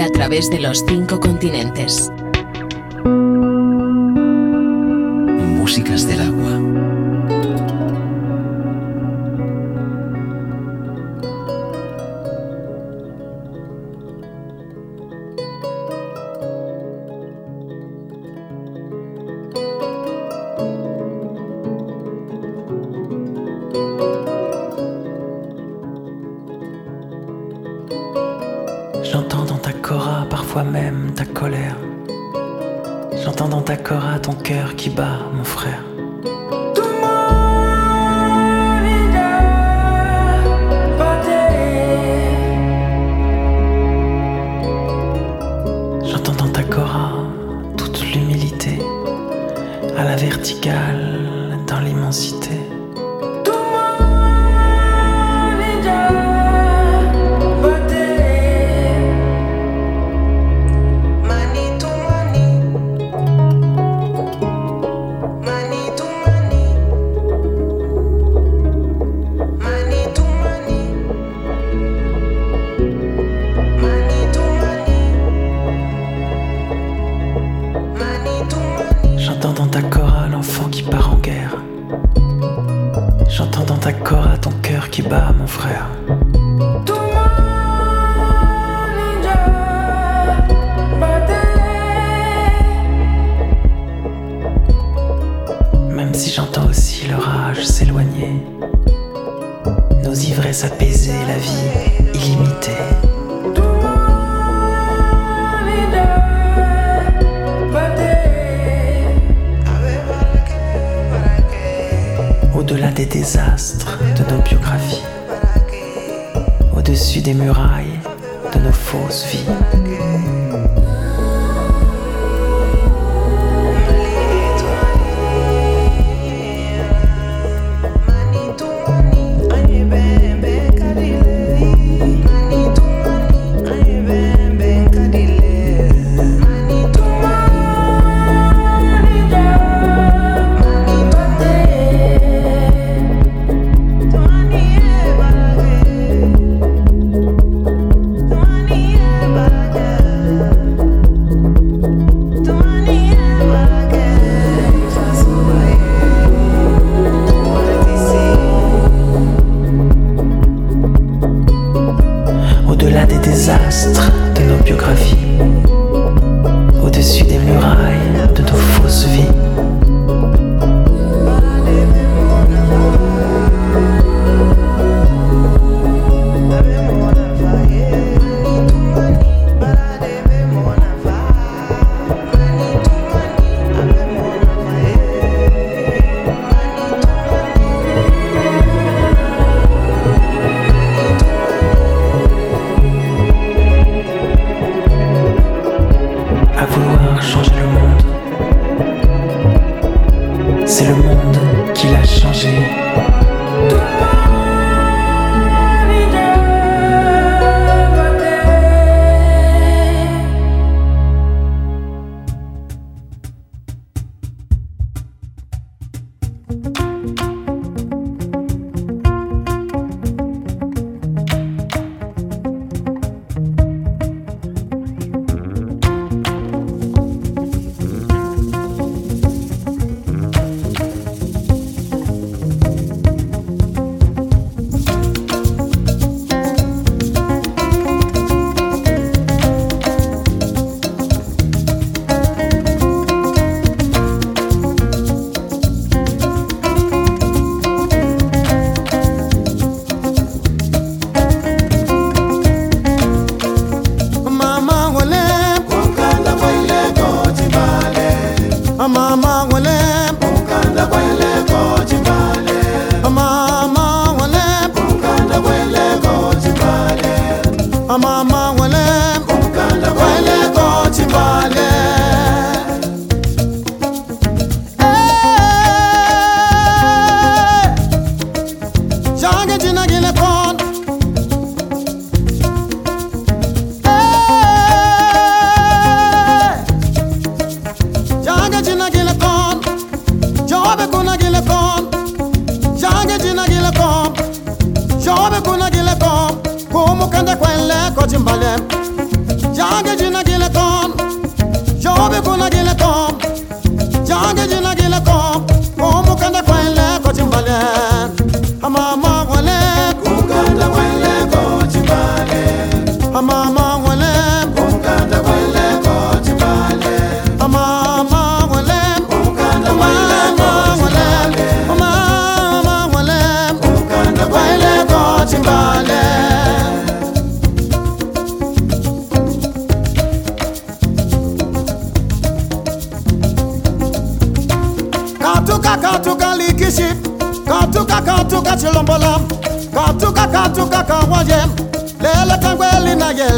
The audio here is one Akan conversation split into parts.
a través de los cinco continentes. au-delà des désastres de nos biographies, au-dessus des murailles de nos fausses vies.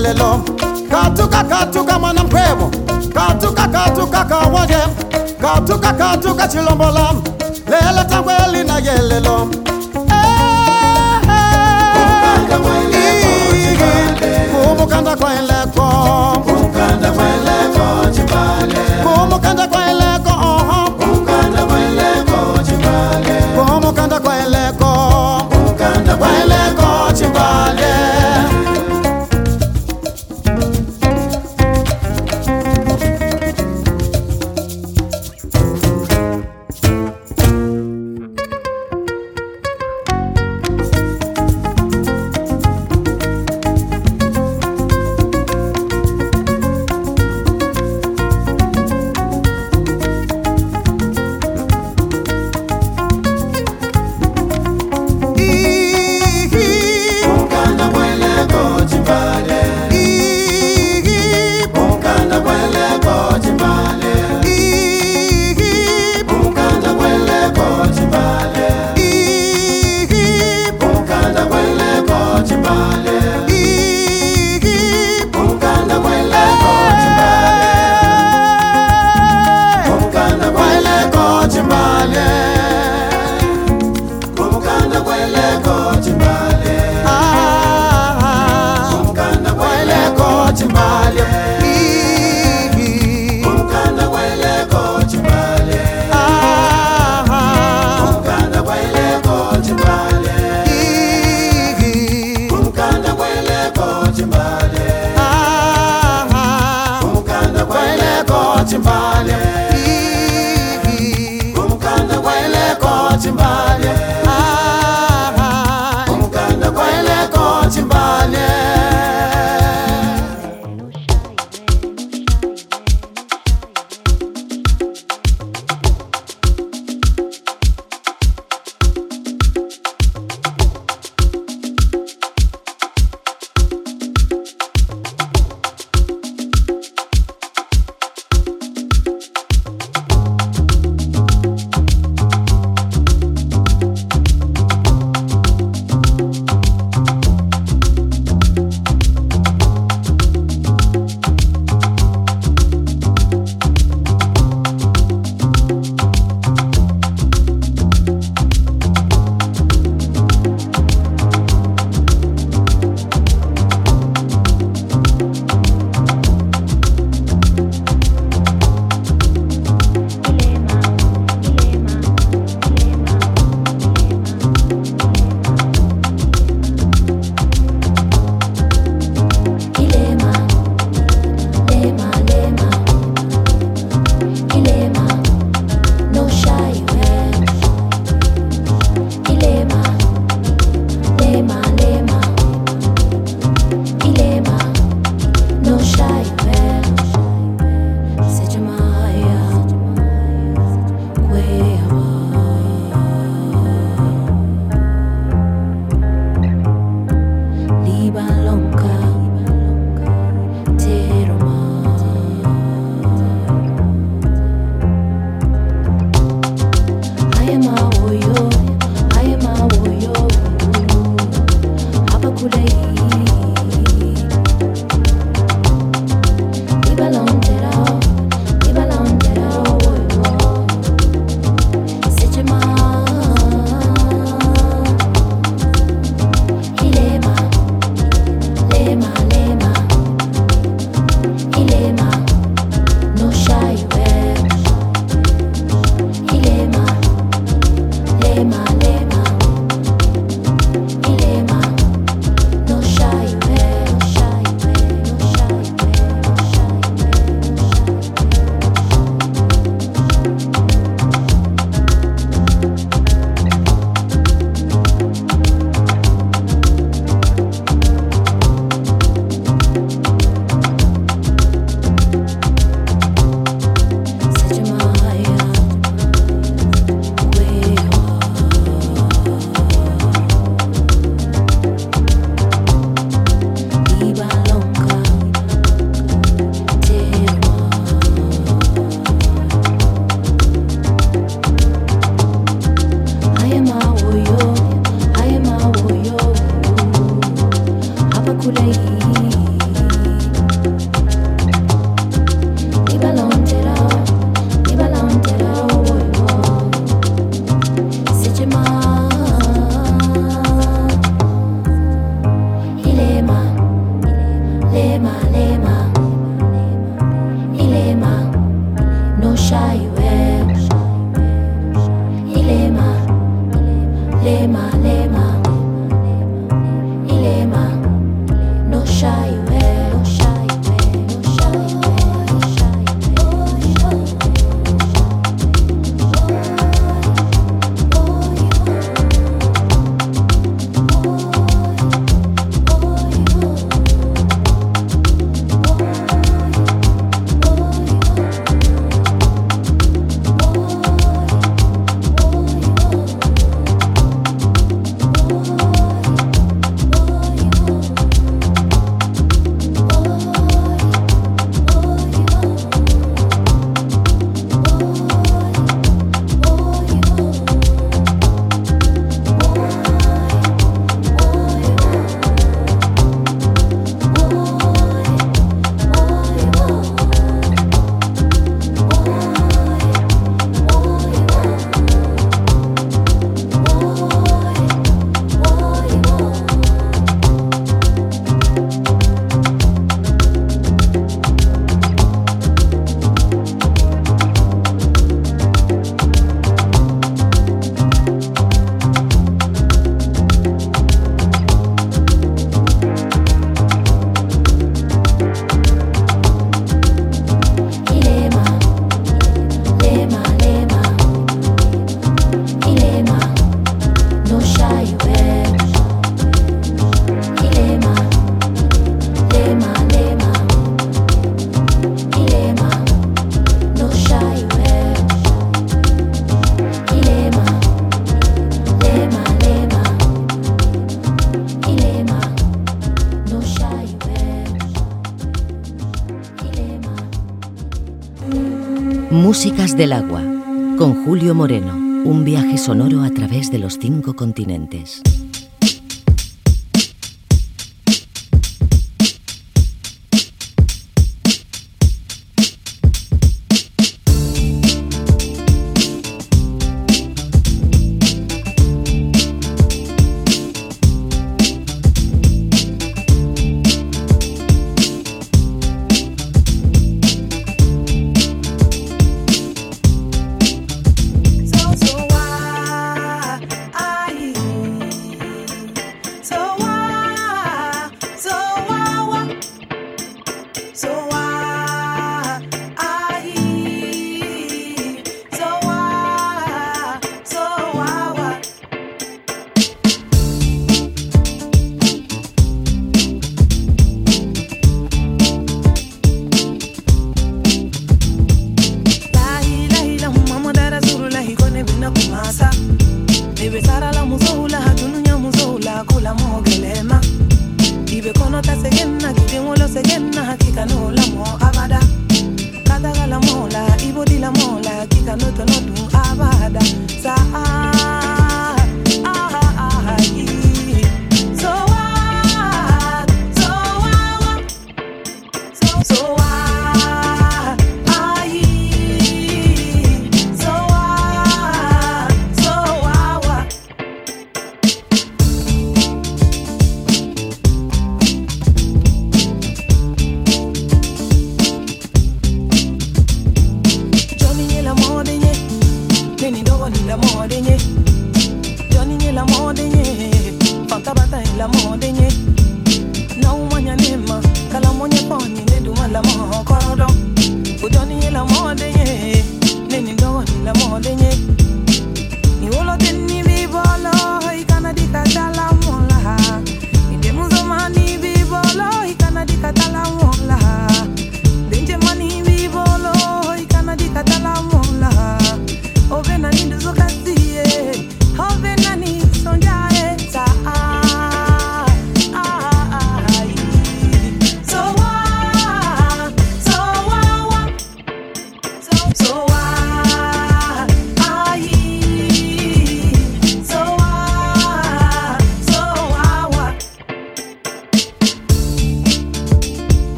lelo katuka katuka mwana mkwemo katuka katuka kawoje katuka katuka chilombola lelo tangweli na yelelo Músicas del agua, con Julio Moreno, un viaje sonoro a través de los cinco continentes.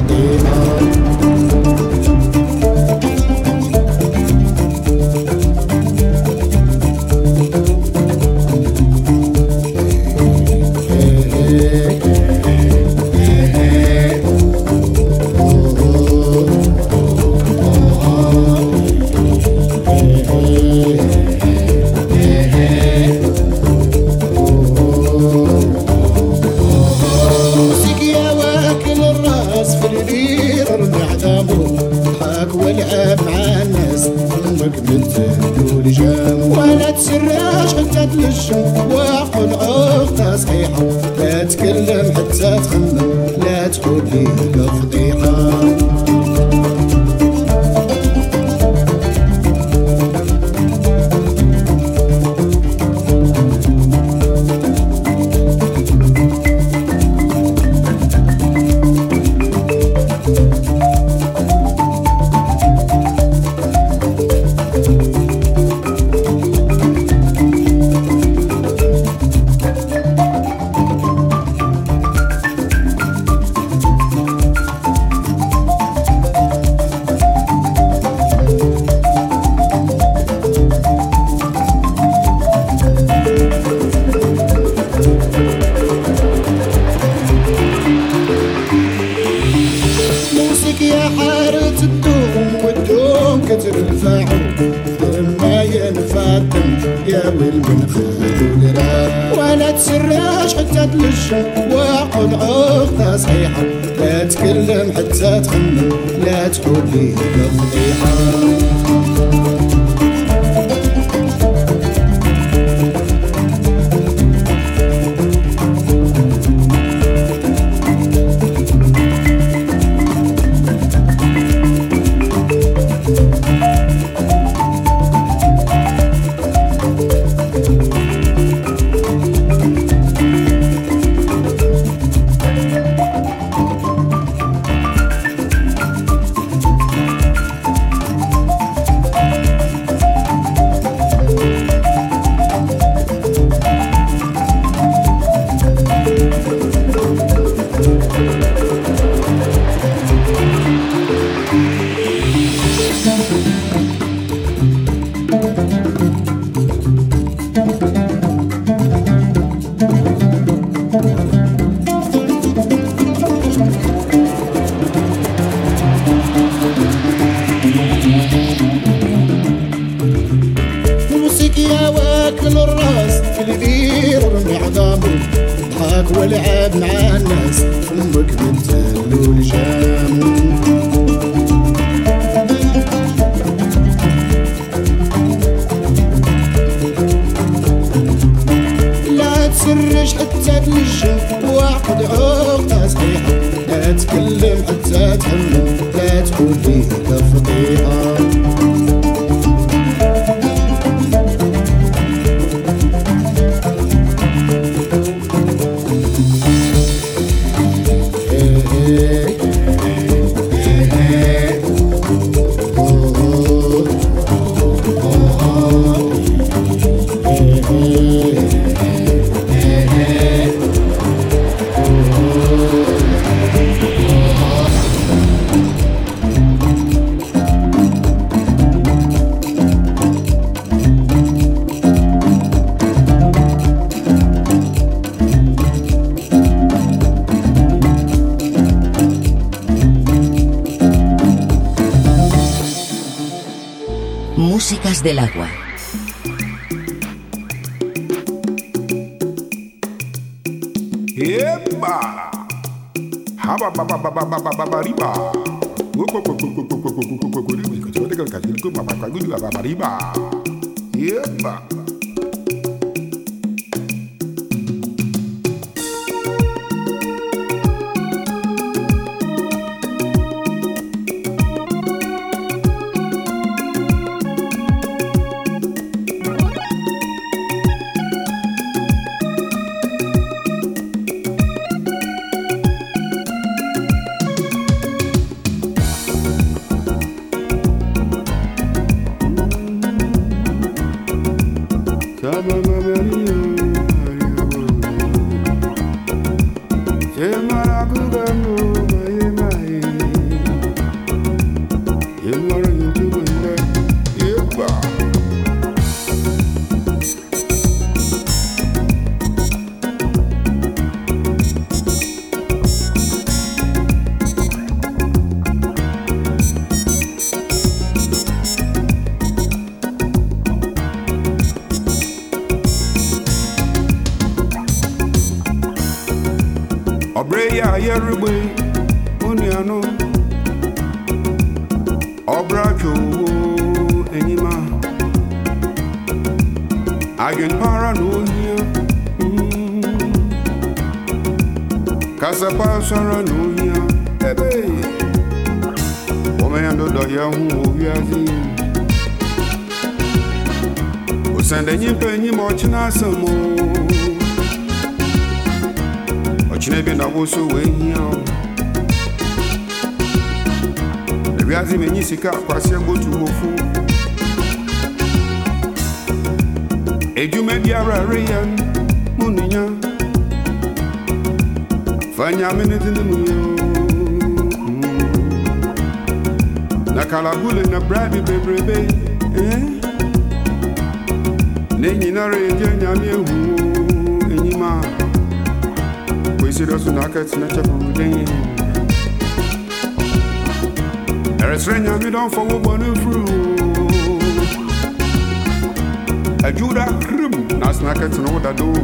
Vasudevan. حتى تخمم لا تقول لي del agua. Oya do do ya hu owi afi Osande nyimpa nyimba ọchịna asem o Ọchịna bi na woso wee hia o e menyi sika akwasi egbotu ofu Edwuma biara reyɛ mu nunya fanya ne dini mu yoo na kalabule na brabi bebrebe eh? ne nyinara ɛgye nyame ahu enyim a kwesi dɔ so na aka tena kyɛ pɔmuden ɛresrɛ nyame dɔmfa wo bɔne mfiri adwuda krim na asena aka tena wo dadoo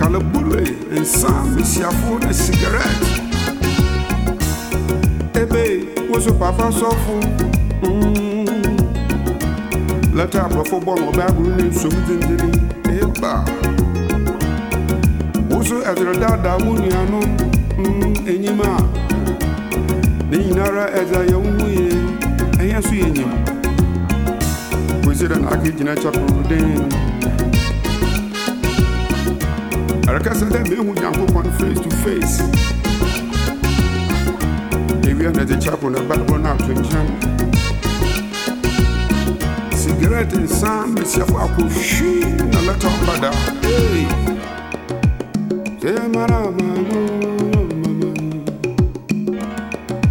kalabule nsa mesiafo ne sigaret wosu papa sɔfo lɛtɛ aborɔfo bɔ no ɔbɛ agoro ne nsom dendene eba woso ɛdere daadaa wo nuanom enyim a ne nyinara ɛdze ayɛ wo ho yie ɛyɛ so a nyim kosi dɛ naake gyina kyɛporo den face to face viene di chapo na babo na twinjam cigarette nsam mesiafo akɔhwi na mɛtɔ bada sɛmaramamo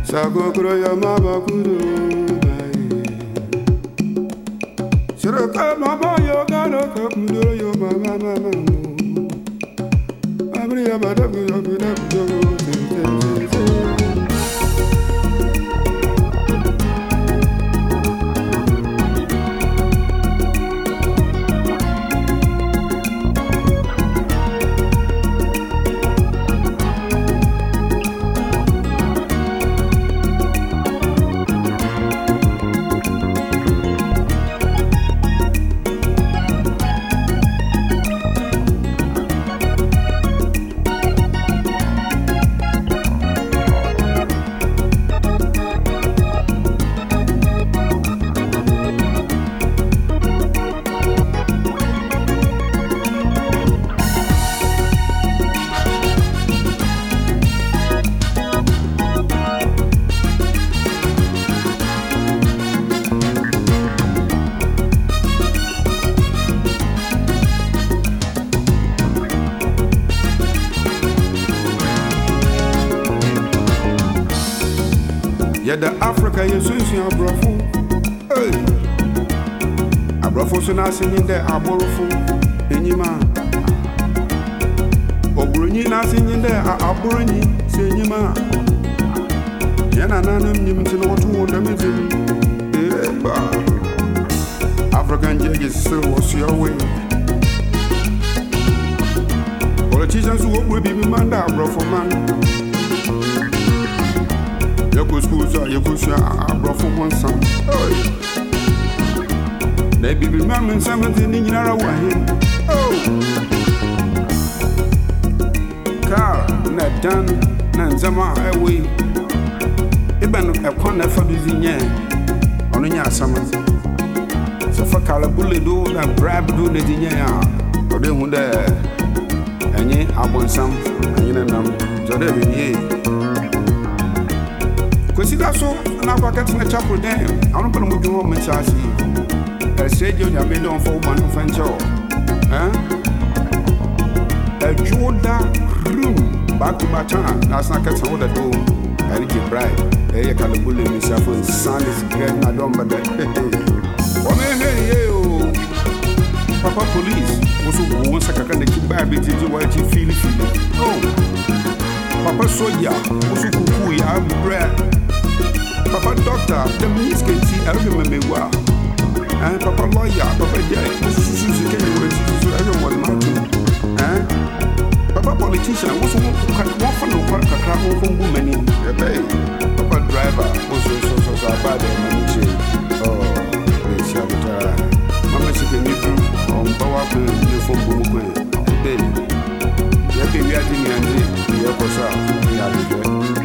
sakokoro yamabakuro Sirika mama yo gano kapudoro yo mama mama mo Abriya badabu yo bidabu yo yo nsunsun aborɔfo ee aborɔfo nso n'ase nye dɛ aborɔfo enyim a oburonyi n'ase nye dɛ aboronyi sɛ enyim a na nananom nyim nti na wɔto wɔn dɛm edim ee ba african judges sere wɔ soa wei politicians nso wɔ buru biribi man dɛ aborɔfo man. sikuusu a yɛkɔsua aborɔfo ho nsam na bibiri ma me nsam nti ne nyinara wɔ ahe kar na dan eh, eh, na ndzɛma a ɛwɔ yi ebɛn ɛkwa na ɛfa do dzi nyɛ ɔno nyɛ asɛm sɛ fa kalabule do na brab do na dzi nyɛ a ɔde hu dɛ ɛnye abɔnsam ɛnyene nam sɛ dɛ bɛnyee kwesida so na akɔkɛ tena chapel dɛn ɔno pɛ na modwuma wɔ mɛsaase ɛsrɛ gye onyame dɛ ɔmfa wo ma no mfa nkyɛ wɔ adwuo da rim baakobakya a na asena kɛtena wo dadoo ɛne gye brae ɛyɛ kalabole misiafo nsanes grɛ na dɔmbɛdɛ wɔmɛhwɛyɛ o papa police wo so wo wo nsa kakra nakyi baa bɛgyegye wɔakyi fiilifili o oh, papa soja wo so kukuu yɛ abrɛ Papa doctor, the means can see everyone may well. And Papa lawyer, Papa yeah, Susu can you wait to everyone might do. And Papa politician was one for no park a crab over woman in the bay. Papa driver was also so bad and manager. Oh, it's your Mama, she can give you on um, power bill for Bumquen. Today, you have been getting angry, you're for sure, you have been.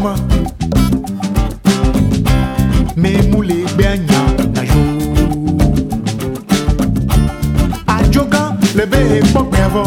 mama memu legbe anya na yo adzoga le be ekpɔkpɛ avɔ.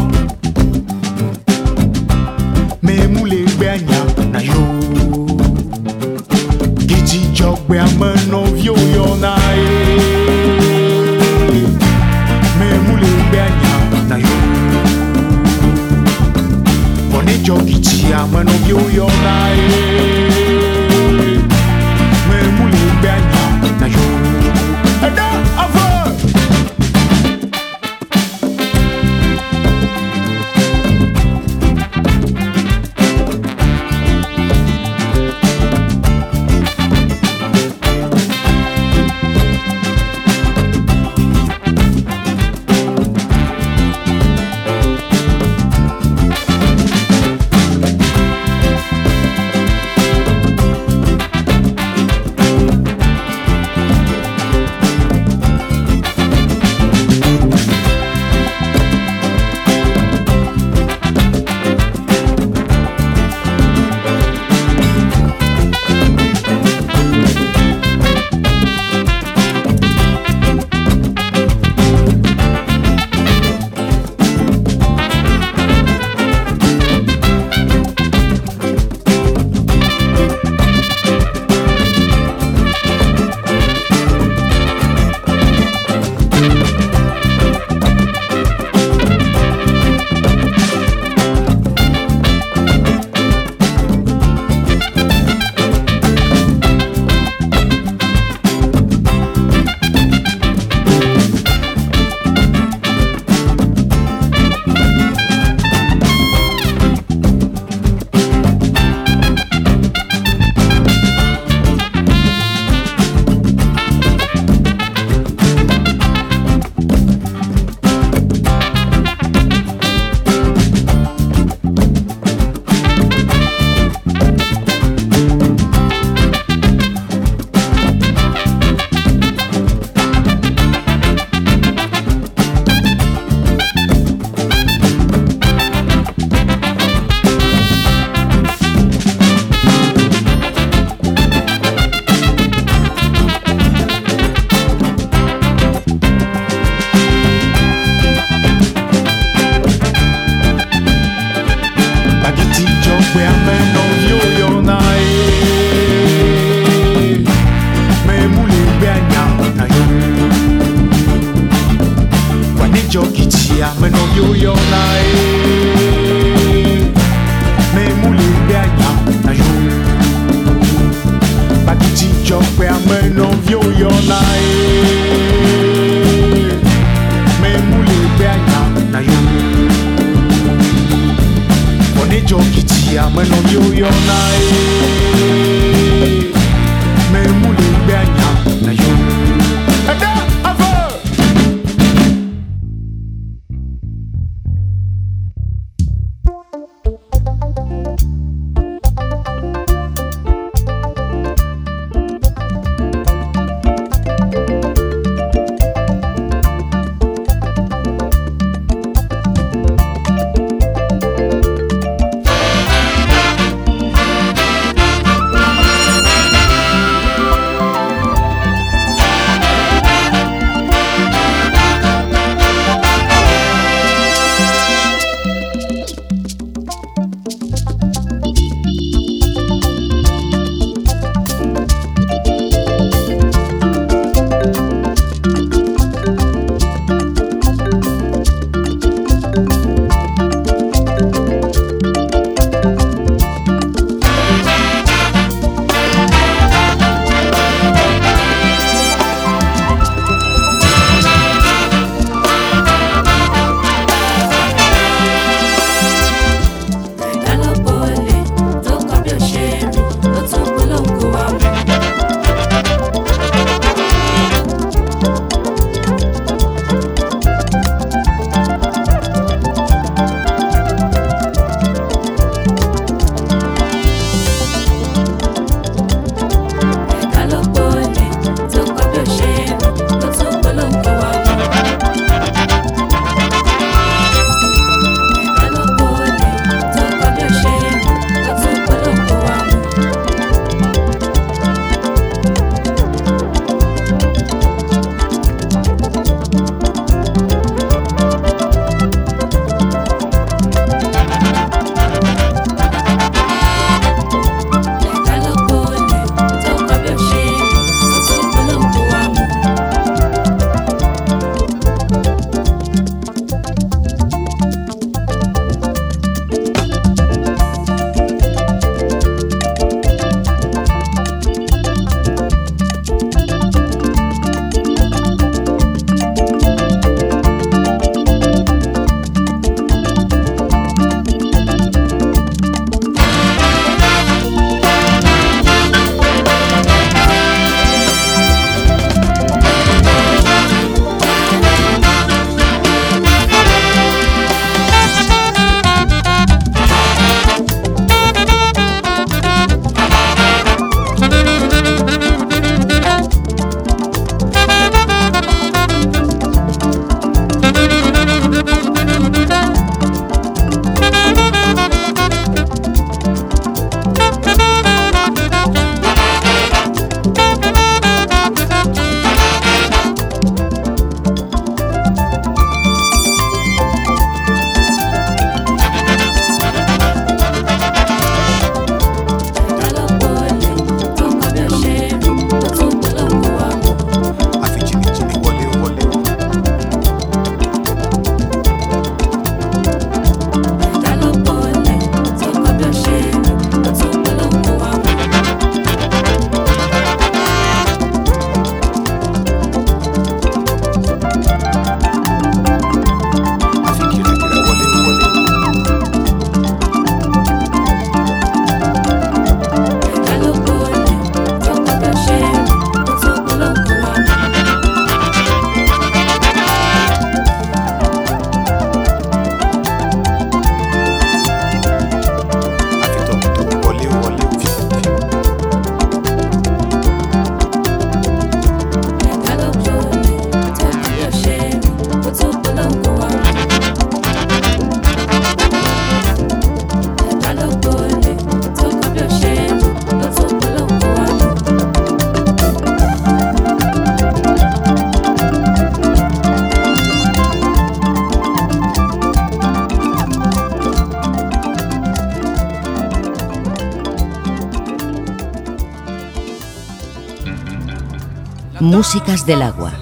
Músicas del agua,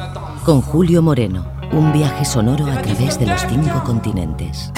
con Julio Moreno, un viaje sonoro a través de los cinco continentes.